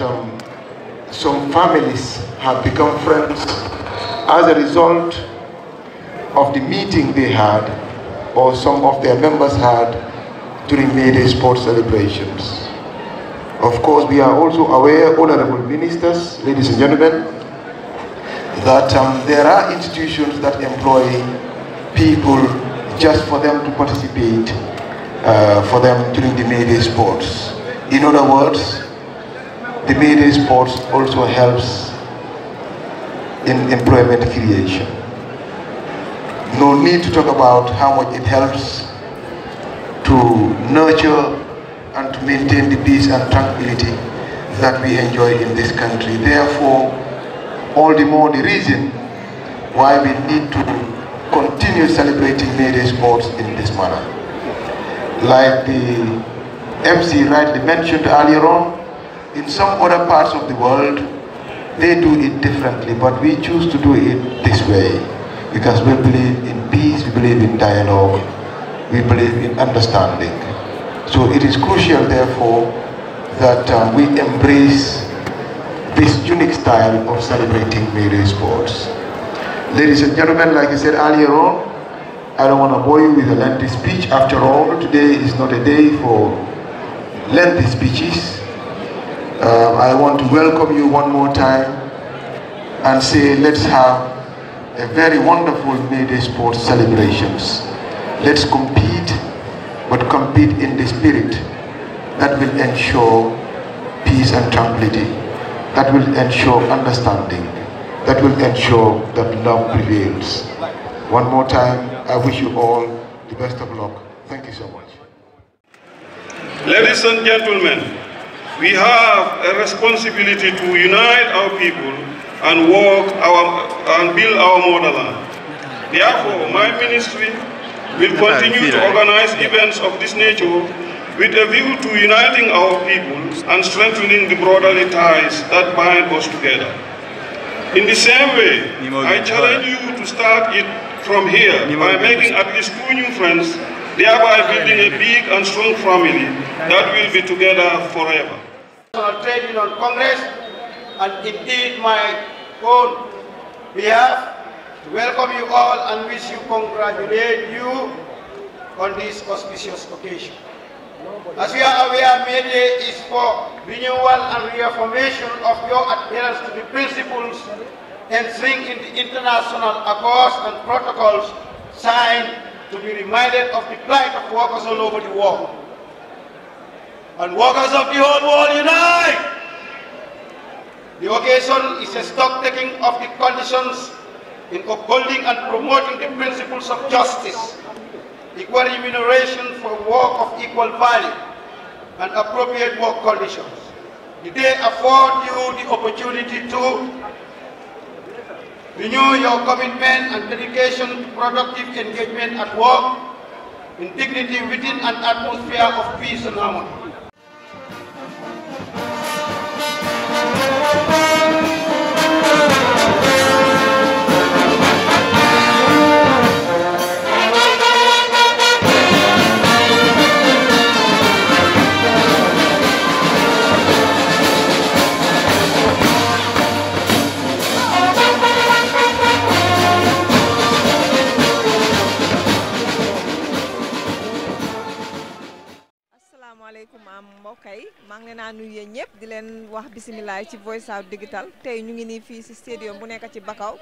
um, some families have become friends as a result of the meeting they had or some of their members had during Mayday sports celebrations. Of course, we are also aware, honorable ministers, ladies and gentlemen, that um, there are institutions that employ people just for them to participate uh, for them during the Mayday sports. In other words, the media sports also helps in employment creation. No need to talk about how much it helps to nurture and to maintain the peace and tranquility that we enjoy in this country. Therefore, all the more the reason why we need to continue celebrating media sports in this manner. Like the MC rightly mentioned earlier on, in some other parts of the world, they do it differently, but we choose to do it this way because we believe in peace, we believe in dialogue, we believe in understanding. So it is crucial, therefore, that um, we embrace this unique style of celebrating melee sports. Ladies and gentlemen, like I said earlier on, I don't want to bore you with a lengthy speech. After all, today is not a day for lengthy speeches. Um, I want to welcome you one more time and say let's have a very wonderful May Day sports celebrations. Let's compete, but compete in the spirit that will ensure peace and tranquility, that will ensure understanding, that will ensure that love prevails. One more time, I wish you all the best of luck. Thank you so much. Ladies and gentlemen, we have a responsibility to unite our people and work our, and build our motherland. Therefore, my ministry will continue to organize events of this nature with a view to uniting our people and strengthening the brotherly ties that bind us together. In the same way, I challenge you to start it from here by making at least two new friends, thereby building a big and strong family that will be together forever. National Trade Union Congress, and indeed my own behalf, to welcome you all and wish you congratulate you on this auspicious occasion. As you are aware, May is for renewal and reaffirmation of your adherence to the principles enshrined in the international accords and protocols signed to be reminded of the plight of workers all over the world and workers of the whole world unite. The occasion is a stock-taking of the conditions in upholding and promoting the principles of justice, equal remuneration for work of equal value, and appropriate work conditions. The day afford you the opportunity to renew your commitment and dedication to productive engagement at work in dignity within an atmosphere of peace and harmony. asalaamaaleykum am mbokk yi maa ngi leen a nuyu yéen ñëpp di leen wax bisimilah ci Voice Out Digital tey ñu ngi nii fii si stadium bu nekk ci Bakau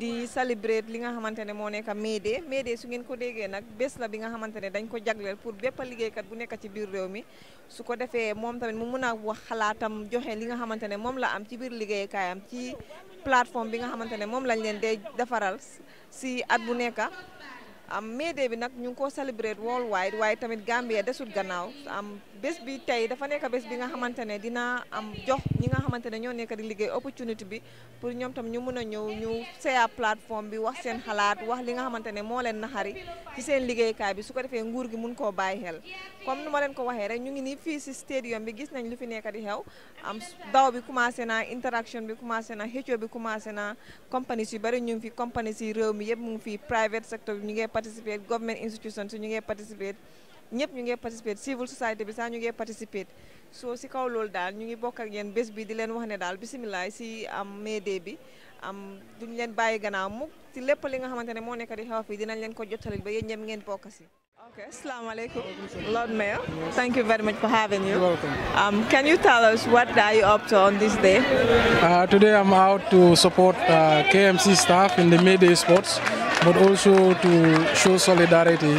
di célébrer li nga xamante ne moo nekk May Day May Day su ngeen ko déggee nag bés la bi nga xamante ne dañ ko jagleel pour bépp liggéeykat bu nekk ci biir réew mi su ko defee moom mu mun a wax xalaatam joxe li nga xamante ne moom la am ci biir liggéeykaayam ci plateforme bi nga xamante ne moom lañ leen dee defaral si at bu nekk. am May Day bi nag ñu ngi koo celebrate worldwide waaye tamit Gambia desut gannaaw am bés bi tey dafa nekk bés bi nga xamante ne dina am jox ñi nga xamante ne ñoo nekk di liggéey opportunity bi pour ñoom tam ñu mën a ñëw ñu seya plateforme bi wax seen xalaat wax li nga xamante ne moo leen naxari ci seen liggéeykaay bi su ko defee nguur gi mun koo bàyyi xel comme nu ma leen ko waxee rek ñu ngi nii fii si stadium bi gis nañ lu fi nekk di xew am daw bi commencé na interaction bi commencé na xëccoo bi commencé na compagnies yu bari ñu fi compagnies si réew mi yëpp mu ngi fi private sector bi ñu ngi participate government institutions ñu ngee participate ñëpp ñu ngee participate civil society bi sax ñu ngee participate so si kaw lool daal ñu ngi bokk ak yéen bés bi di leen wax ne daal bisimilah si am May bi am duñ leen bàyyi gannaaw mukk si lépp li nga xamante ne moo nekk di xew fii dinañ leen ko jottalil ba yéen ñëpp ngeen bokk si Okay, Assalamu alaikum. Lord Mayor, thank you very much for having you. You're welcome. Um, can you tell us what are you up to on this day? Uh, today I'm out to support uh, KMC staff in the Day sports, but also to show solidarity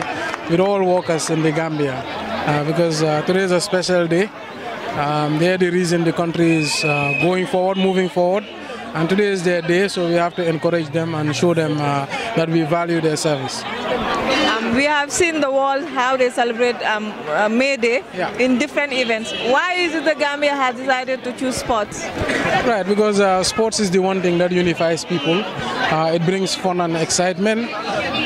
with all workers in the Gambia uh, because uh, today is a special day. Um, they're the reason the country is uh, going forward, moving forward. And today is their day, so we have to encourage them and show them uh, that we value their service we have seen the world how they celebrate um, uh, May Day yeah. in different events. Why is it the Gambia has decided to choose sports? Right, because uh, sports is the one thing that unifies people. Uh, it brings fun and excitement.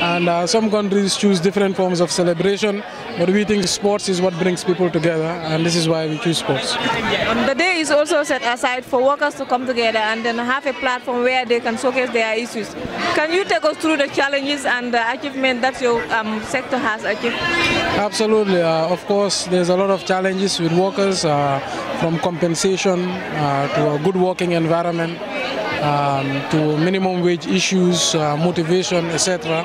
And uh, some countries choose different forms of celebration, but we think sports is what brings people together, and this is why we choose sports. Um, the day is also set aside for workers to come together and then have a platform where they can showcase their issues. Can you take us through the challenges and the achievement that your um, sector has achieved? Absolutely. Uh, of course, there's a lot of challenges with workers, uh, from compensation uh, to a good working environment um, to minimum wage issues, uh, motivation, etc.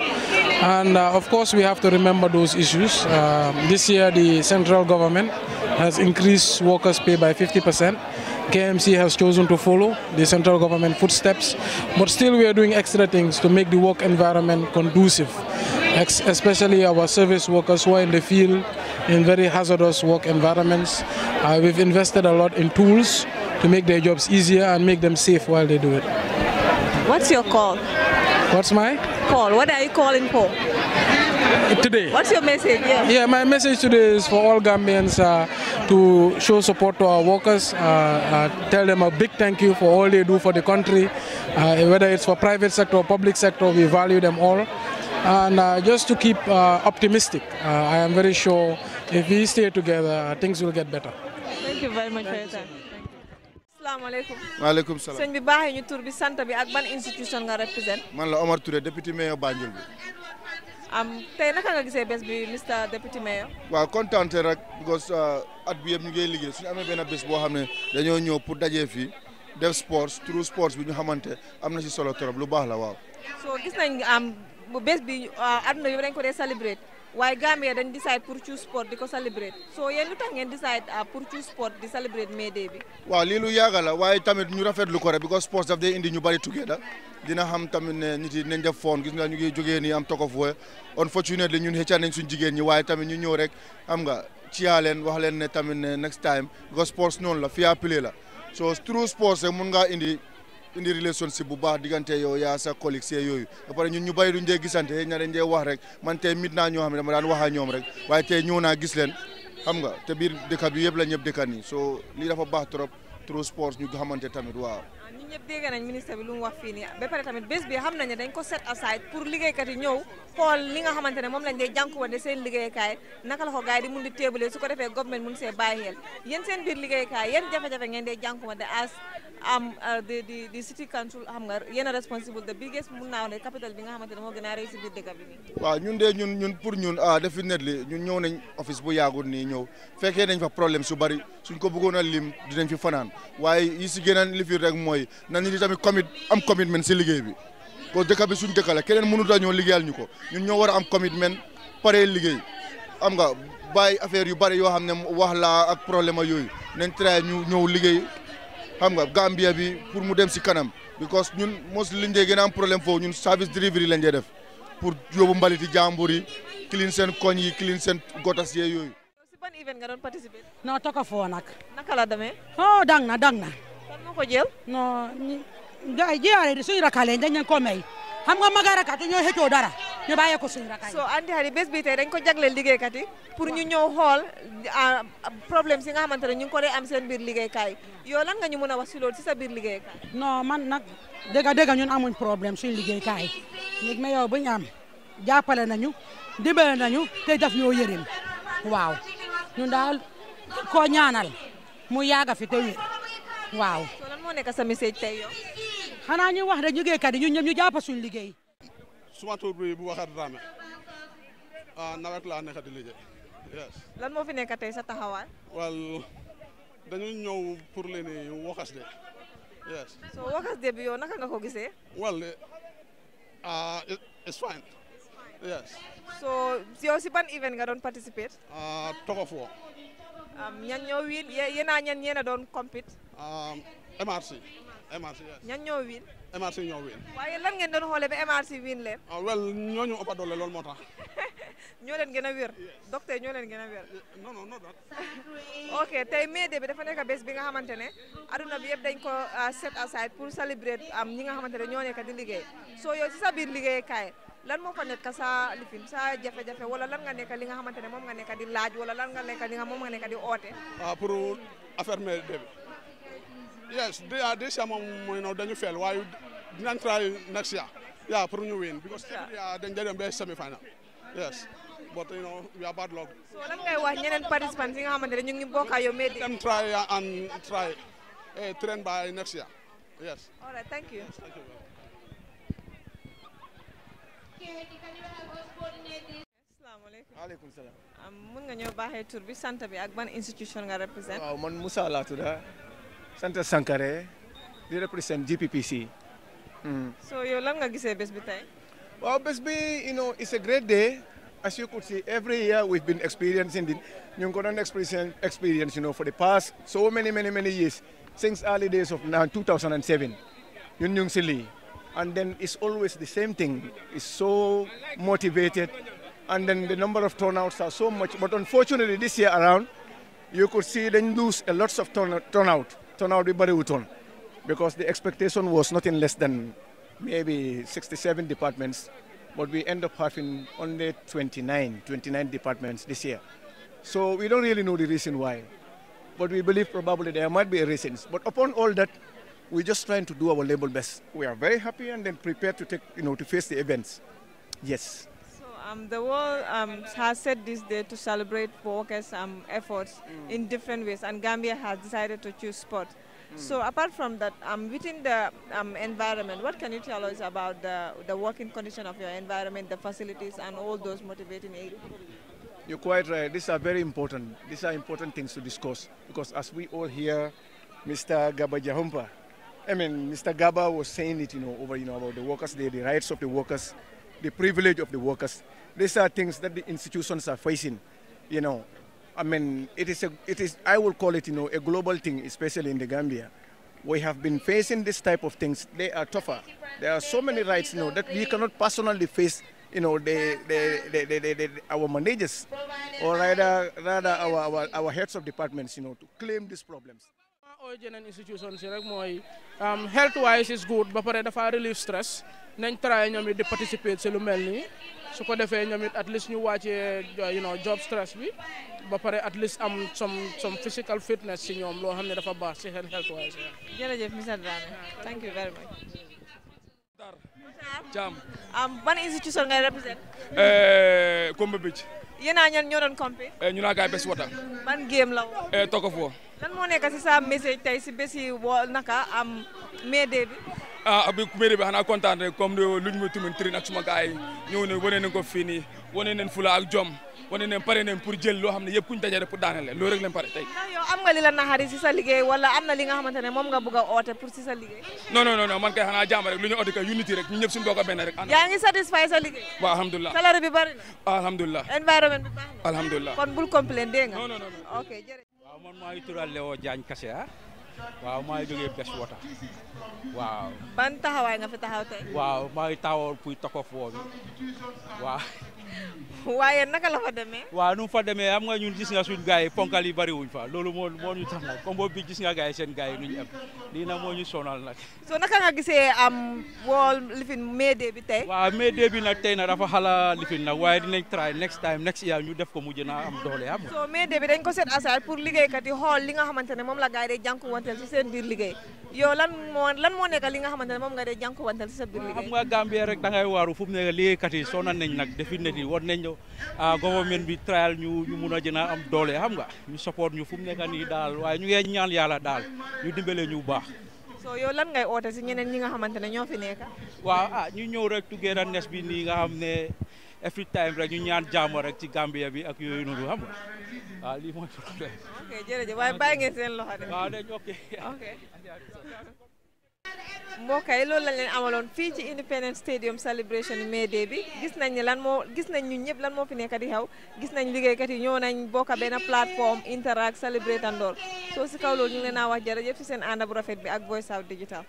And uh, of course, we have to remember those issues. Uh, this year, the central government has increased workers' pay by 50%. KMC has chosen to follow the central government footsteps, but still we are doing extra things to make the work environment conducive, especially our service workers who are in the field in very hazardous work environments. Uh, we've invested a lot in tools to make their jobs easier and make them safe while they do it. What's your call? What's my? Call. What are you calling for? Today. What's your message? Yeah, yeah my message today is for all Gambians uh, to show support to our workers, uh, uh, tell them a big thank you for all they do for the country, uh, whether it's for private sector or public sector, we value them all. And uh, just to keep uh, optimistic, I am very sure if we stay together, things will get better. Thank you very much for your time. asalaamaaleykum waaleykum salaam sëñ baax baaxee ñu tur bi sant bi ak ban institution nga représente man la Omar Touré député maire Banjul bi am tey naka nga gisee bes bi mister député maire waaw kontaan rek because uh, at bi yëpp ñu ngi liggéey suñu amee benn bés boo xam ne dañoo ñëw pour dajee fii def sports through sports bi ñu xamante am na si solo trop lu baax la waaw so gis nañ am bés bi uh, na yëpp dañ ko dee célébrer waaye Gambia dañ decide pour choose sport di ko celebrate so yéen lu tax ngeen decide ah, pour choose sport di celebrate May Day bi. waaw lii lu yàgg la waaye tamit ñu rafetlu ko rek because sports daf dee indi ñu bari together dina xam tamit ne nit yi dinañ def foon gis nga ñu ngi jógee nii am togof unfortunately ñun xëcca nañ suñ jigéen ñi waaye tamit ñu ñëw rek xam nga ciyaa leen wax leen ne tamit ne next time because sports noonu la fiyaa pile la so through sports ngaa indi. indi relationship bu baax diggante yow yaa sa collègue see yooyu ba pare ñu bari duñ dee gisante ña dañ dee wax rek man tey mit naa ñoo xam ne dama daan wax ak ñoom rek waaye tey ñëw naa gis leen xam nga te biir dëkk bi yëpp la ñëpp dëkkan nii so lii dafa baax trop trop sport ñu xamante tamit waaw ñun ñëpp dégg nañ ministre bi lu mu ne moom la ko gars yi di mun di téebale su ko defee government mun see bàyyi xel yéen seen biir liggéeykaay yéen jafe-jafe ngeen dee jànkuwante as am euh, di de naa ne bi nga xamante ne moo gën a rëy si biir dëkk bi nii waaw ñun de ñun ah, nañ office bu yaagul nii ñëw fekkee nañ fa problème su bari suñ ko bëggoon a lim dinañ fi fanaan waaye yi si gën a li fi rek mooy na ñu di tamit commit am commitment si liggéey bi ko dëkk bi suñ dëkk la keneen mënut a ñoo liggéeyal ñu ko ñun ñoo war a am commitment pare liggéey am nga bàyyi affaire yu bari yoo xam ne wax laa ak problème yooyu nañ try ñu ñëw liggéey xam nga Gambia bi pour mu dem si kanam because ñun mos liñ dee gën am problème foofu ñun service delivery lañ dee def pour yóbbu mbaliti jàmbur yi clean seen koñ yi clean seen gotas yee yooyu. si ban event nga doon toko foo naka la demee. oh dang dang na. moo ko jël non di suñu rakka leen dañ ko may xam nga maga rakka tu ñoo xëccoo dara ñu bàyyee ko suñu rakka yi soo anti xadi bés bi tey dañ ko jagleel liggéeykat yi pour ñu ñëw xool ah, problème si nga xamante ne ñu ngi ko dee am seen liggéey liggéeykaay yow lan nga ñu mën a wax si loolu si sa biir noo man nag dëgg dëgg ñun amuñ problème suñu liggéeykaay léegi mais yow bu ñu am jàppale nañu dimbale nañu te daf ñoo yërëm waaw ñun daal ko ñaanal mu yaaga fi te wér waaw. lan moo nekk sa message tey yow. xanaa ñu wax rek liggéeykat yi ñu ñoom ñu jàpp suñu liggéey. suma tur bi bu waxaat Dramé ah nawet laa nekk di liggéey. lan moo fi nekk tey sa taxawaay. wal dañu ñëw pour leen waxas de. soo waxas bi yow naka nga ko gisee. wal eh, ah it's si ban event nga doon participate. ah togofoo. ñan ñoo win yéen a ñan ñeena doon compete. Um, MRC. MRC yes. ñan ñoo win. MRC ñoo win. waaye lan ngeen doon xoolee ba MRC win ah, ñoo ñu ëpp a doole loolu moo tax. ñoo leen gën a wér. docteur ñoo leen gën a wér. non eh, non ok tey May Day bi dafa nekk bés bi nga xamante ne aduna bi yëpp dañ ko ah, set aside pour célébrer am ñi nga xamante ne ñoo nekk di liggéey soo yow si sa biir liggéeykaay lan moo fa nekk sa lifin sa jafe-jafe wala lan nga nekk li nga xamante ne moom nga nekk di laaj wala lan nga nekk li nga moom nga nekk di oote. ah pour May Day Yes, they are this year, um, you know, then you fail. Why you didn't try next year? Yeah, for you win because yeah. they are then they're the best semi-final. Yes. But you know, we are bad luck. So lang ngay wax ñeneen participants yi nga xamantene ñu ngi bokk yow made. Them try uh, and try. Eh, train by next year. Yes. All right, thank you. Yes, thank you. aleykum salaam. Um, mun nga ñoo baaxé tour bi sant bi ak ban institution nga represent. waaw man Moussa la tudda. Ah. Santa Sankare di represent GPPC. Hmm. so you lan nga gisee bés best tey. Well, best bi you know it's a great day. as you could see, every year we've been experiencing the Nyungonan experience, experience, you know, for the past so many, many, many years, since early days of 2007, Yun Sili. And then it's always the same thing. It's so motivated. And then the number of turnouts are so much. But unfortunately, this year around, you could see they lose a lots of turnout turnout bi bëriwutoon because the expectation was nothing less than maybe 67 departments, but we end up having only 29, 29 departments this year. So we don't really know the reason why, but we believe probably there might be reasons. But upon all that, we're just trying to do our level best. We are very happy and then prepared to take, you know, to face the events. Yes. Um, the world um, has set this day to celebrate workers' um, efforts mm. in different ways, and Gambia has decided to choose sport. Mm. So apart from that, um, within the um, environment, what can you tell us about the, the working condition of your environment, the facilities, and all those motivating areas? You're quite right. These are very important. These are important things to discuss because as we all hear, Mr. Gaba Jahumpa, I mean, Mr. Gaba was saying it, you know, over, you know, about the workers' day, the rights of the workers, the privilege of the workers. These are things that the institutions are facing, you know. I mean, it is, a, it is I will call it, you know, a global thing, especially in the Gambia. We have been facing this type of things. They are tougher. There are so many rights, you know, that we cannot personally face, you know, the, the, the, the, our managers or rather, rather our, our, our heads of departments, you know, to claim these problems. ooy jeneen institution si rek mooy um, health wise is good ba pare dafa relieve stress nañ try ñoom it di participer si lu mel nii su ko defee ñoom it at least ñu wàccee uh, you know job stress bi ba pare at least am some some physical fitness si ñoom loo xam ne dafa baax si seen health wise. jërëjëf monsieur Dramé thank you very much. Thiam. ban institution ngay represent. Eh, Komba Beach. yéen a ñan ñoo doon compé. Eh, ñu naa gaay bés wata. ban game la woon. Eh, toog foo. lan moo nekk si sa message tey si bés yi woo naka am May Day a ah bi May Day bi xanaa kontaan rek comme luñ ak suma gaay yi ñëw ne ko fii nii fula ak jom. wane ne pare nañ pour jël loo xam ne yëpp kuñ dajale pour daanale loolu rek lañ pare tey. ndax ah, yow am nga li la naxari si sa liggéey wala am na li nga xamante ne moom nga bëgg a oote pour si sa liggéey. non non non man kay xanaa jàmm rek lu ñu oote kay unité rek ñun ñëpp suñu bokk benn rek. yaa ngi satisfait sa liggéey. waaw alhamdulilah salaire bi kon bul complain dégg nga. ok jërëjëf. waaw man maa ngi tural Léo Diagne Kassé ah. waaw maa ngi jógee bes wota waaw. ban taxawaay nga fi taxaw tey. waaw maa ngi taxawoon pour takof woo bi waaye naka la deme demee. waaw nu fa demee am nga ñun gis nga suñ gars yi yi bari wuñ fa loolu moo moo ñu tax nag comme boobu bi gis nga gars seen gars yi nu ñu am moo ñu sonal nag. so naka nga gisee am wool lifin May Day bi tey. waaw May Day bi nag tey nag dafa xala lifin nag waaye dinañ try next time next year ñu def ko mujj naa am doole am. so May dañ ne moom la gars yi day jànkuwanteel ci seen biir liggéey yow lan moo lan moo nekk li nga xamante ne moom nga dee jànkuwanteel ci sa biir liggéey xam nga Gambie rek da ngay waaru fu mu nekk liggéeykat yi soo nan nañ nag definitely war ah, a jën a am doole xam nga ñu support ñu fu mu nekk nii bu baax so yow lan ngay oote si ñeneen ñi nga xamante ne ñoo fi nekk waaw ah ñu ñëw rek tuggee a nes bi nii nga xam ne every time rek ñu ñaan jàmm rek ci Gambia bi ak yooyu noonu xam nga waaw lii mooy problème. ok waaye bàyyi ngeen seen loxo de. waaw yi loolu lañ leen amaloon fii ci Independence Stadium Celebration May Day bi gis nañ ne lan moo gis nañ ñun ñëpp lan moo fi nekk di xew gis nañ liggéeykat yi ñëw nañ bokk benn plateforme interact celebrate andoor soo si kaw loolu ñu ngi leen a wax jërëjëf si seen ànd bu rafet bi ak Voice Out Digital.